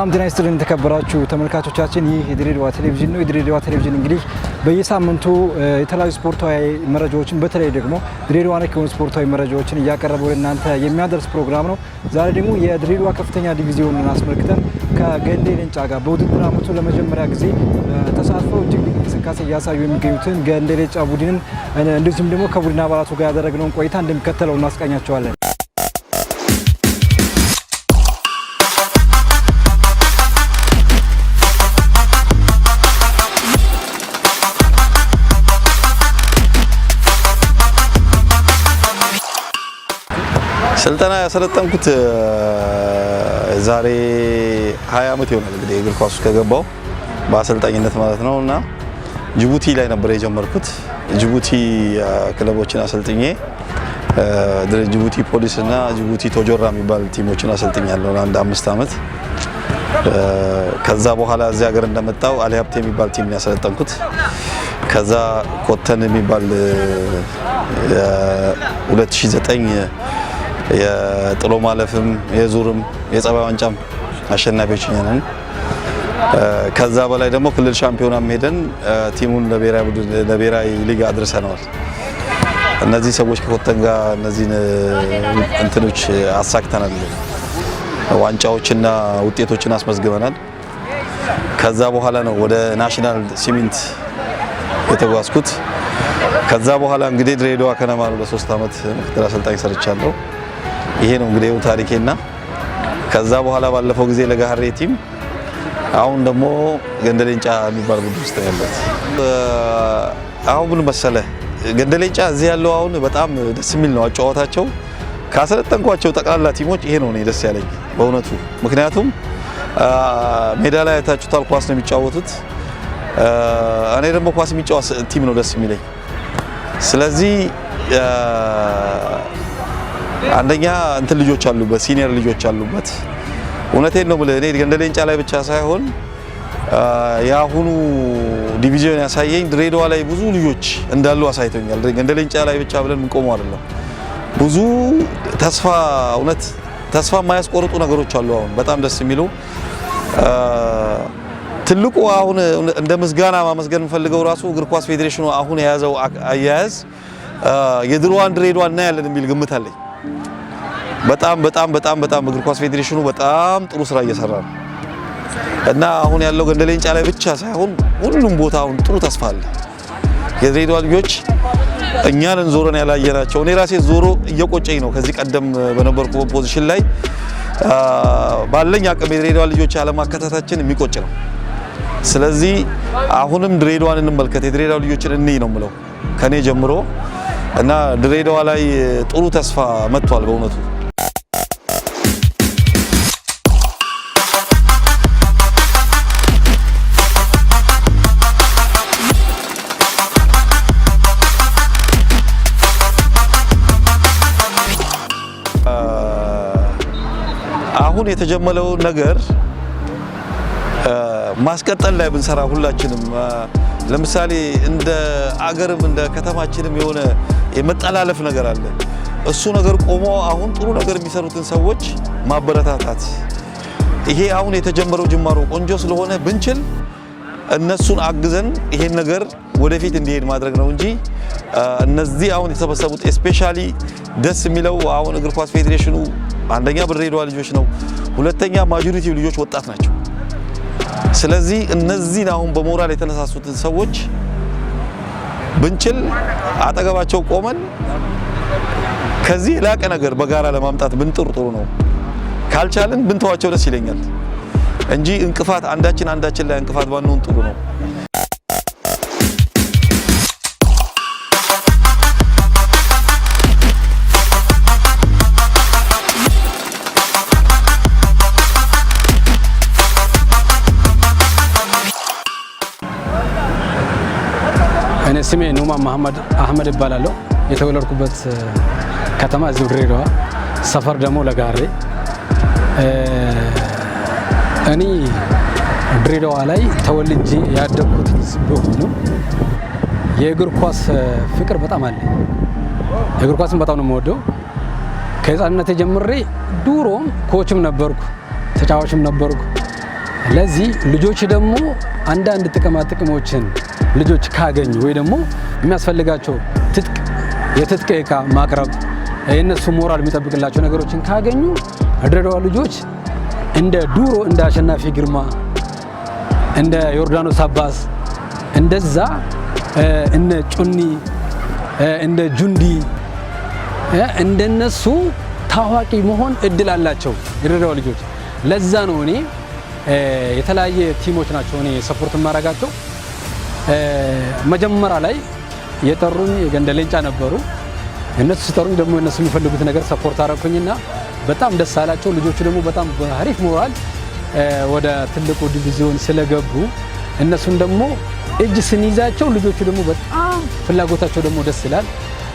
ሰላም ጤና ይስጥልን የተከበራችሁ ተመልካቾቻችን፣ ይህ የድሬዳዋ ቴሌቪዥን ነው። የድሬዳዋ ቴሌቪዥን እንግዲህ በየሳምንቱ የተለያዩ ስፖርታዊ መረጃዎችን በተለይ ደግሞ ድሬዳዋ ነክ የሆኑ ስፖርታዊ መረጃዎችን እያቀረበ ወደ እናንተ የሚያደርስ ፕሮግራም ነው። ዛሬ ደግሞ የድሬዳዋ ከፍተኛ ዲቪዚዮንን አስመልክተን ከገንዴ ሌንጫ ጋር በውድድር አመቱ ለመጀመሪያ ጊዜ ተሳትፈው እጅግ እንቅስቃሴ እያሳዩ የሚገኙትን ገንዴ ሌንጫ ቡድንን እንደዚሁም ደግሞ ከቡድን አባላቱ ጋር ያደረግነውን ቆይታ እንደሚከተለው እናስቃኛቸዋለን። ስልጠና ያሰለጠንኩት ዛሬ 20 ዓመት ይሆናል እንግዲህ እግር ኳሱ ከገባው በአሰልጣኝነት ማለት ነው እና ጅቡቲ ላይ ነበር የጀመርኩት። ጅቡቲ ክለቦችን አሰልጥኜ ጅቡቲ ፖሊስ እና ጅቡቲ ቶጆራ የሚባል ቲሞችን አሰልጥኛለሁ አንድ አምስት ዓመት። ከዛ በኋላ እዚህ ሀገር እንደመጣው አሊ ሀብቴ የሚባል ቲም ያሰለጠንኩት። ከዛ ኮተን የሚባል 2009 የጥሎ ማለፍም የዙርም የጸባይ ዋንጫም አሸናፊዎች ነን። ከዛ በላይ ደግሞ ክልል ሻምፒዮናም ሄደን ቲሙን ለብሔራዊ ሊግ አድርሰነዋል። እነዚህ ሰዎች ከኮተን ጋር እነዚህን እንትኖች አሳክተናል። ዋንጫዎችና ውጤቶችን አስመዝግበናል። ከዛ በኋላ ነው ወደ ናሽናል ሲሚንት የተጓዝኩት። ከዛ በኋላ እንግዲህ ድሬዳዋ ከነማ ነው ለሶስት አመት ምክትል አሰልጣኝ ሰርቻለሁ። ይሄ ነው እንግዲህ ታሪኬና ከዛ በኋላ ባለፈው ጊዜ ለጋሬ ቲም አሁን ደግሞ ገንደሌንጫ የሚባል ቡድን ውስጥ ያለት። አሁን ምን መሰለ ገንደሌንጫ እዚህ ያለው አሁን በጣም ደስ የሚል ነው አጫዋታቸው ካሰለጠንኳቸው ጠቅላላ ቲሞች ይሄ ነው እኔ ደስ ያለኝ በእውነቱ። ምክንያቱም ሜዳ ላይ አይታችሁታል፣ ኳስ ነው የሚጫወቱት። እኔ ደግሞ ኳስ የሚጫወት ቲም ነው ደስ የሚለኝ። ስለዚህ አንደኛ እንትን ልጆች አሉበት፣ ሲኒየር ልጆች አሉበት። እውነቴን ነው ብለህ እኔ ገንደሌንጫ ላይ ብቻ ሳይሆን የአሁኑ ዲቪዥን ያሳየኝ ድሬዳዋ ላይ ብዙ ልጆች እንዳሉ አሳይቶኛል። ገንደሌንጫ ላይ ብቻ ብለን እንቆመው አይደለም። ብዙ ተስፋ እውነት ተስፋ የማያስቆርጡ ነገሮች አሉ። አሁን በጣም ደስ የሚለው ትልቁ አሁን እንደ ምስጋና ማመስገን የምፈልገው ራሱ እግር ኳስ ፌዴሬሽኑ አሁን የያዘው አያያዝ የድሮዋን ድሬዳዋ እናያለን የሚል ግምት አለኝ። በጣም በጣም በጣም በጣም እግር ኳስ ፌዴሬሽኑ በጣም ጥሩ ስራ እየሰራ ነው እና አሁን ያለው ገንደሌንጫ ላይ ብቻ ሳይሆን ሁሉም ቦታ አሁን ጥሩ ተስፋ አለ። የድሬዳዋ ልጆች እኛን ዞረን ያላየናቸው እኔ ራሴ ዞሮ እየቆጨኝ ነው። ከዚህ ቀደም በነበርኩ ፖዚሽን ላይ ባለኝ አቅም የድሬዳዋ ልጆች አለማካተታችን የሚቆጭ ነው። ስለዚህ አሁንም ድሬዳዋን እንመልከት፣ የድሬዳዋ ልጆችን እንይ ነው የምለው ከኔ ጀምሮ እና ድሬዳዋ ላይ ጥሩ ተስፋ መጥቷል በእውነቱ። አሁን የተጀመረው ነገር ማስቀጠል ላይ ብንሰራ ሁላችንም ለምሳሌ እንደ አገርም እንደ ከተማችንም የሆነ የመጠላለፍ ነገር አለ። እሱ ነገር ቆሞ አሁን ጥሩ ነገር የሚሰሩትን ሰዎች ማበረታታት፣ ይሄ አሁን የተጀመረው ጅማሮ ቆንጆ ስለሆነ ብንችል እነሱን አግዘን ይሄን ነገር ወደፊት እንዲሄድ ማድረግ ነው እንጂ እነዚህ አሁን የተሰበሰቡት ስፔሻሊ ደስ የሚለው አሁን እግር ኳስ ፌዴሬሽኑ አንደኛ ብድሬዳዋ ልጆች ነው፣ ሁለተኛ ማጆሪቲው ልጆች ወጣት ናቸው። ስለዚህ እነዚህን አሁን በሞራል የተነሳሱትን ሰዎች ብንችል አጠገባቸው ቆመን ከዚህ የላቀ ነገር በጋራ ለማምጣት ብንጥር ጥሩ ነው። ካልቻልን ብንተዋቸው ደስ ይለኛል እንጂ እንቅፋት አንዳችን አንዳችን ላይ እንቅፋት ባንሆን ጥሩ ነው። ስሜ ኑማ መሐመድ አህመድ ይባላለሁ። የተወለድኩበት ከተማ እዚሁ ድሬዳዋ፣ ሰፈር ደግሞ ለጋሬ። እኔ ድሬዳዋ ላይ ተወልጄ ያደግኩት ቢሆንም የእግር ኳስ ፍቅር በጣም አለ። የእግር ኳስን በጣም ነው የምወደው። ከህፃንነት ጀምሬ ዱሮም ኮችም ነበርኩ፣ ተጫዋችም ነበርኩ። ለዚህ ልጆች ደግሞ አንዳንድ ጥቅማ ጥቅሞችን ልጆች ካገኙ ወይ ደግሞ የሚያስፈልጋቸው ትጥቅ የትጥቅ እቃ ማቅረብ የእነሱ ሞራል የሚጠብቅላቸው ነገሮችን ካገኙ ድሬዳዋ ልጆች እንደ ዱሮ እንደ አሸናፊ ግርማ እንደ ዮርዳኖስ አባስ እንደዛ እነ ጩኒ እንደ ጁንዲ እንደነሱ ታዋቂ መሆን እድል አላቸው የድሬዳዋ ልጆች። ለዛ ነው እኔ የተለያየ ቲሞች ናቸው እኔ ሰፖርት የማረጋቸው። መጀመሪያ ላይ የጠሩኝ የገንደ ሌንጫ ነበሩ። እነሱ ሲጠሩኝ ደግሞ እነሱ የሚፈልጉት ነገር ሰፖርት አረኩኝና በጣም ደስ አላቸው። ልጆቹ ደግሞ በጣም በአሪፍ ሞራል ወደ ትልቁ ዲቪዚዮን ስለገቡ እነሱን ደግሞ እጅ ስንይዛቸው ልጆቹ ደግሞ በጣም ፍላጎታቸው ደግሞ ደስ ይላል።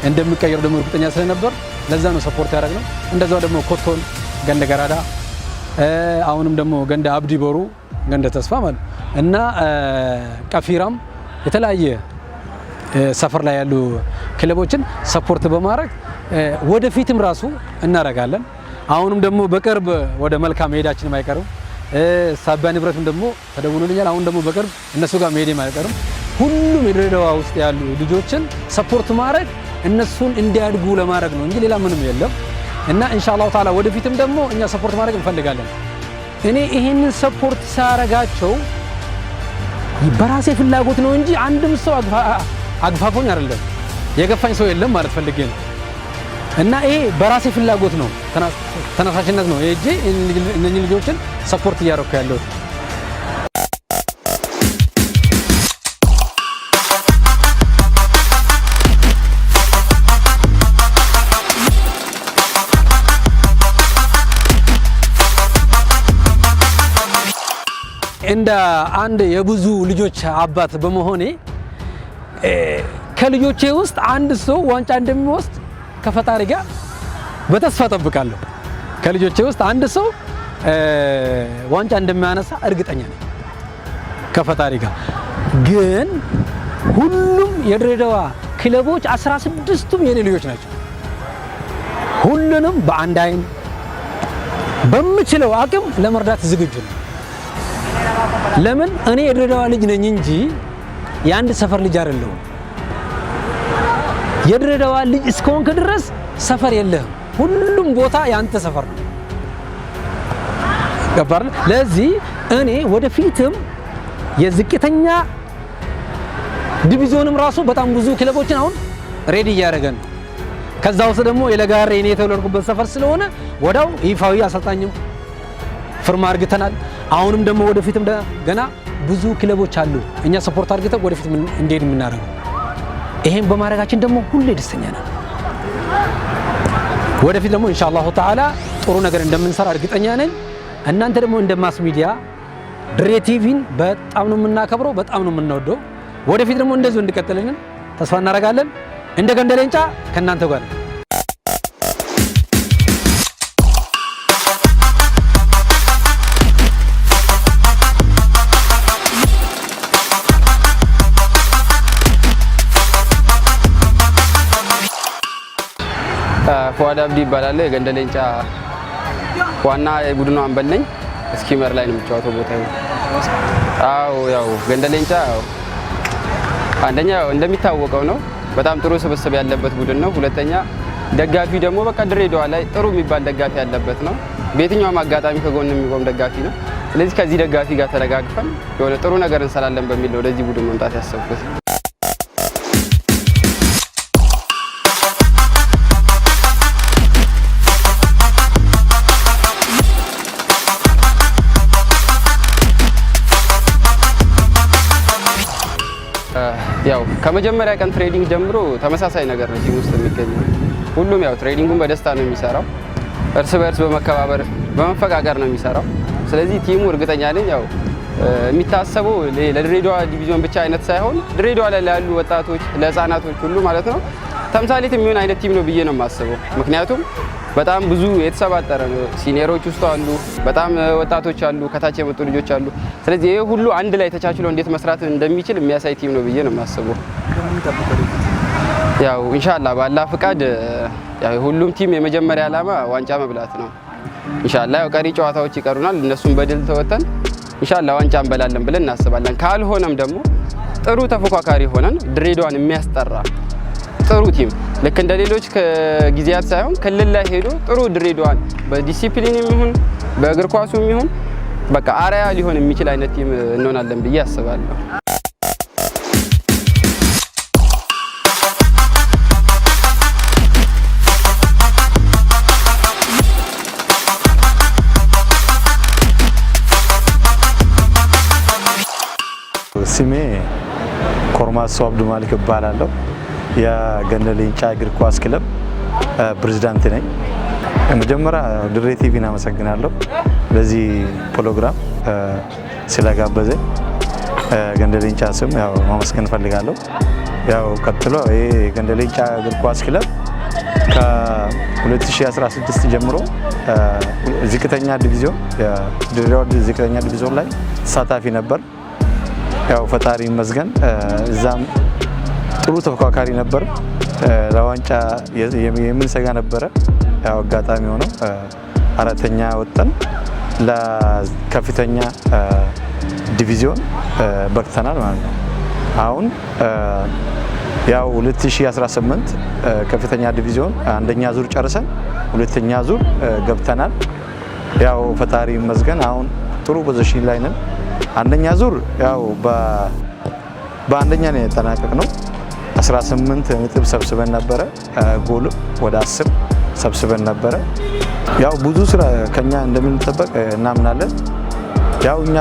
እንደሚቀየሩ ደግሞ እርግጠኛ ስለነበር ለዛ ነው ሰፖርት ያደረግነው። እንደዛው ደግሞ ኮቶን፣ ገንደ ገራዳ፣ አሁንም ደግሞ ገንደ አብዲ ቦሩ፣ ገንደ ተስፋ ማለት እና ቀፊራም የተለያየ ሰፈር ላይ ያሉ ክለቦችን ሰፖርት በማድረግ ወደፊትም ራሱ እናደርጋለን። አሁንም ደግሞ በቅርብ ወደ መልካ መሄዳችን አይቀርም። ሳቢያ ንብረትም ደግሞ ተደውሎልኛል። አሁን ደግሞ በቅርብ እነሱ ጋር መሄድ አይቀርም። ሁሉም የድሬዳዋ ውስጥ ያሉ ልጆችን ሰፖርት ማድረግ እነሱን እንዲያድጉ ለማድረግ ነው እንጂ ሌላ ምንም የለም እና ኢንሻአላሁ ተዓላ ወደፊትም ደግሞ እኛ ሰፖርት ማድረግ እንፈልጋለን። እኔ ይህንን ሰፖርት ሳረጋቸው በራሴ ፍላጎት ነው እንጂ አንድም ሰው አግፋፎኝ አይደለም፣ የገፋኝ ሰው የለም ማለት ፈልጌ ነው። እና ይሄ በራሴ ፍላጎት ነው፣ ተነሳሽነት ነው። እጄ እነኚህ ልጆችን ሰፖርት እያረኩ ያለሁት እንደ አንድ የብዙ ልጆች አባት በመሆኔ ከልጆቼ ውስጥ አንድ ሰው ዋንጫ እንደሚወስድ ከፈጣሪ ጋር በተስፋ ጠብቃለሁ። ከልጆቼ ውስጥ አንድ ሰው ዋንጫ እንደሚያነሳ እርግጠኛ ነኝ ከፈጣሪ ጋር። ግን ሁሉም የድሬዳዋ ክለቦች 16ቱም የኔ ልጆች ናቸው። ሁሉንም በአንድ አይን በምችለው አቅም ለመርዳት ዝግጁ ነው። ለምን እኔ የድሬዳዋ ልጅ ነኝ እንጂ የአንድ ሰፈር ልጅ አይደለሁም። የድሬዳዋ ልጅ እስከሆንክ ድረስ ሰፈር የለህም። ሁሉም ቦታ የአንተ ሰፈር ነው። ገባል። ለዚህ እኔ ወደፊትም የዝቅተኛ ዲቪዚዮንም ራሱ በጣም ብዙ ክለቦችን አሁን ሬዲ እያደረገ ነው። ከዛ ውስጥ ደግሞ የለጋሬ እኔ የተወለድኩበት ሰፈር ስለሆነ ወዳው ይፋዊ አሰልጣኝም ፍርማ አርግተናል። አሁንም ደግሞ ወደፊትም ገና ብዙ ክለቦች አሉ እኛ ሰፖርት አድርገን ወደፊት እንዴት የምናደርገው። ይሄን በማድረጋችን ደግሞ ሁሌ ደስተኛ ነን። ወደፊት ደግሞ ኢንሻአላሁ ተዓላ ጥሩ ነገር እንደምንሰራ እርግጠኛ ነኝ። እናንተ ደግሞ እንደ ማስ ሚዲያ ድሬ ቲቪን በጣም ነው የምናከብረው፣ በጣም ነው የምንወደው። ወደፊት ደግሞ እንደዚሁ እንድቀጥልን ተስፋ እናደርጋለን። እንደ ገንደሌንጫ ከእናንተ ጋር ፎዋድ አብዲ ይባላል። የገንደ ሌንጫ ዋና የቡድኑ አምበል ነኝ። ስኪመር ላይ ነው የምጫወተው ቦታ አው ያው ገንደ ሌንጫ አንደኛ እንደሚታወቀው ነው በጣም ጥሩ ስብስብ ያለበት ቡድን ነው። ሁለተኛ ደጋፊ ደግሞ በቃ ድሬዳዋ ላይ ጥሩ የሚባል ደጋፊ ያለበት ነው። በየትኛውም አጋጣሚ ከጎን የሚቆም ደጋፊ ነው። ስለዚህ ከዚህ ደጋፊ ጋር ተደጋግፈን የሆነ ጥሩ ነገር እንሰራለን በሚል ነው ወደዚህ ቡድን መምጣት ያሰብኩት። ከመጀመሪያ ቀን ትሬዲንግ ጀምሮ ተመሳሳይ ነገር ነው ቲም ውስጥ የሚገኘው። ሁሉም ያው ትሬዲንጉን በደስታ ነው የሚሰራው፣ እርስ በእርስ በመከባበር በመፈቃቀር ነው የሚሰራው። ስለዚህ ቲሙ እርግጠኛ ነኝ ያው የሚታሰበው ለድሬዳዋ ዲቪዥን ብቻ አይነት ሳይሆን ድሬዳዋ ላይ ላሉ ወጣቶች፣ ለህፃናቶች ሁሉ ማለት ነው ተምሳሌት የሚሆን አይነት ቲም ነው ብዬ ነው የማስበው። ምክንያቱም በጣም ብዙ የተሰባጠረ ነው። ሲኒየሮች ውስጥ አሉ፣ በጣም ወጣቶች አሉ፣ ከታች የመጡ ልጆች አሉ። ስለዚህ ይህ ሁሉ አንድ ላይ ተቻችሎ እንዴት መስራት እንደሚችል የሚያሳይ ቲም ነው ብዬ ነው የማስበው። ያው ኢንሻላ ባላ ፍቃድ ሁሉም ቲም የመጀመሪያ ዓላማ ዋንጫ መብላት ነው። ኢንሻላ ያው ቀሪ ጨዋታዎች ይቀሩናል። እነሱን በድል ተወጥተን ኢንሻላ ዋንጫ እንበላለን ብለን እናስባለን። ካልሆነም ደግሞ ጥሩ ተፎካካሪ ሆነን ድሬዳዋን የሚያስጠራ ጥሩ ቲም ልክ እንደ ሌሎች ጊዜያት ሳይሆን ክልል ላይ ሄዶ ጥሩ ድሬዳዋን በዲሲፕሊን ይሁን በእግር ኳሱ ይሁን በቃ አርአያ ሊሆን የሚችል አይነት ቲም እንሆናለን ብዬ አስባለሁ። ስሜ ኮርማሶ አብዱማሊክ እባላለሁ። የገንደ እግር ኳስ ክለብ ፕሬዝዳንት ነኝ። መጀመሪያ ድሬ ቲቪን አመሰግናለሁ ለዚህ ፕሮግራም ስለጋበዘ ገንደሌንጫ ስም ያው ማመስገን እፈልጋለሁ። ያው ቀጥሎ ይሄ ገንደ እግር ኳስ ክለብ ከ2016 ጀምሮ ዝቅተኛ ዲቪዚዮን ድሬዳዋ ዝቅተኛ ዲቪዚዮን ላይ ተሳታፊ ነበር። ያው ፈጣሪ ይመስገን እዛም ጥሩ ተፎካካሪ ነበር። ለዋንጫ የምንሰጋ ነበረ። ያው አጋጣሚ ሆነው አራተኛ ወጠን ለከፍተኛ ዲቪዚዮን በቅተናል ማለት ነው። አሁን ያው 2018 ከፍተኛ ዲቪዚዮን አንደኛ ዙር ጨርሰን ሁለተኛ ዙር ገብተናል። ያው ፈጣሪ ይመስገን አሁን ጥሩ ፖዚሽን ላይ ነን። አንደኛ ዙር ያው በአንደኛ ነው የጠናቀቅ ነው። 18 ነጥብ ሰብስበን ነበረ። ጎልም ወደ 10 ሰብስበን ነበረ። ያው ብዙ ስራ ከኛ እንደምንጠበቅ እናምናለን። ያው እኛ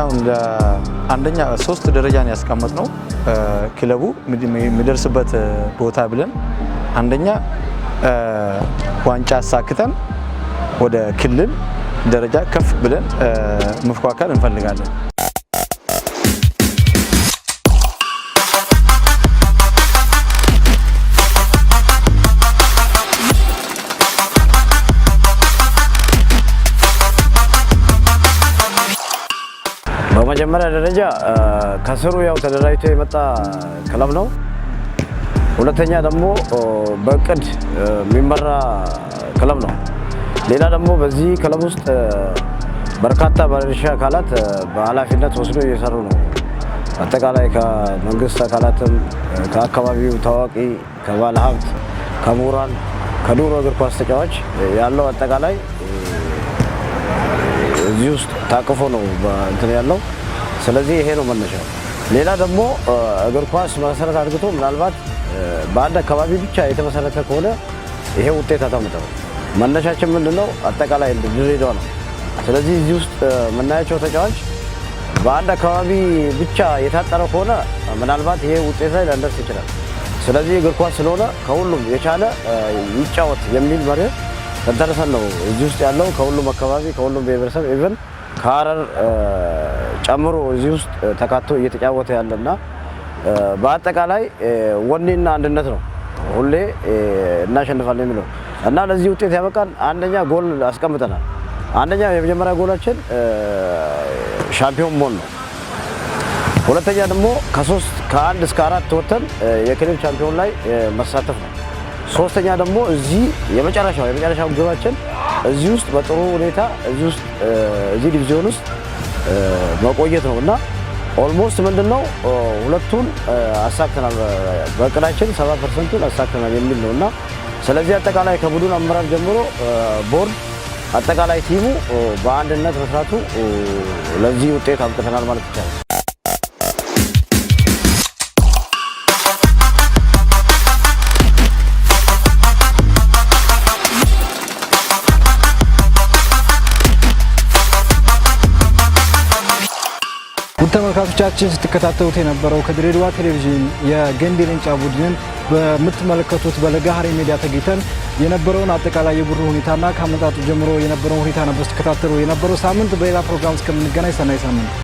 አንደኛ ሶስት ደረጃን ያስቀመጥ ነው ክለቡ የሚደርስበት ቦታ ብለን አንደኛ ዋንጫ አሳክተን ወደ ክልል ደረጃ ከፍ ብለን መፎካከር እንፈልጋለን። በመጀመሪያ ደረጃ ከስሩ ያው ተደራጅቶ የመጣ ክለብ ነው። ሁለተኛ ደግሞ በእቅድ የሚመራ ክለብ ነው። ሌላ ደግሞ በዚህ ክለብ ውስጥ በርካታ ባለድርሻ አካላት በኃላፊነት ወስዶ እየሰሩ ነው። አጠቃላይ ከመንግስት አካላትም ከአካባቢው ታዋቂ ከባለ ሀብት፣ ከምሁራን፣ ከዱሮ እግር ኳስ ተጫዋች ያለው አጠቃላይ እዚህ ውስጥ ታቅፎ ነው እንትን ያለው። ስለዚህ ይሄ ነው መነሻው። ሌላ ደግሞ እግር ኳስ መሰረት አድርግቶ ምናልባት በአንድ አካባቢ ብቻ የተመሰረተ ከሆነ ይሄ ውጤት አታመጣም። መነሻችን ምንድነው አጠቃላይ ድሬዳዋ ነው። ስለዚህ እዚህ ውስጥ የምናያቸው ተጫዋች በአንድ አካባቢ ብቻ የታጠረ ከሆነ ምናልባት ይሄ ውጤት ላይ ላንደርስ ይችላል። ስለዚህ እግር ኳስ ስለሆነ ከሁሉም የቻለ ይጫወት የሚል መርህ ተንተርሰን ነው እዚህ ውስጥ ያለው ከሁሉም አካባቢ ከሁሉም ብሔረሰብ ኢቨን ከሀረር ጨምሮ እዚህ ውስጥ ተካቶ እየተጫወተ ያለና በአጠቃላይ ወኔና አንድነት ነው ሁሌ እናሸንፋለን የሚለው እና ለዚህ ውጤት ያበቃን አንደኛ ጎል አስቀምጠናል። አንደኛ የመጀመሪያ ጎላችን ሻምፒዮን መሆን ነው። ሁለተኛ ደግሞ ከሶስት ከአንድ እስከ አራት ወተን የክልል ሻምፒዮን ላይ መሳተፍ ነው። ሶስተኛ ደግሞ እዚህ የመጨረሻው የመጨረሻው ግባችን እዚህ ውስጥ በጥሩ ሁኔታ እዚህ ውስጥ እዚህ ዲቪዚዮን ውስጥ መቆየት ነው እና ኦልሞስት ምንድን ነው ሁለቱን አሳክተናል፣ በእቅዳችን ሰባ ፐርሰንቱን አሳክተናል የሚል ነው እና ስለዚህ አጠቃላይ ከቡድን አመራር ጀምሮ ቦርድ አጠቃላይ ቲሙ በአንድነት መስራቱ ለዚህ ውጤት አብቅተናል ማለት ይቻላል። ተመልካቾቻችን ስትከታተሉት የነበረው ከድሬዳዋ ቴሌቪዥን የገንዲ ሌንጫ ቡድንን በምትመለከቱት በለጋሃሪ ሚዲያ ተገኝተን የነበረውን አጠቃላይ የቡድን ሁኔታና ከአመጣጡ ጀምሮ የነበረውን ሁኔታ ነበር ስትከታተሉ የነበረው። ሳምንት በሌላ ፕሮግራም እስከምንገናኝ ሰናይ ሳምንት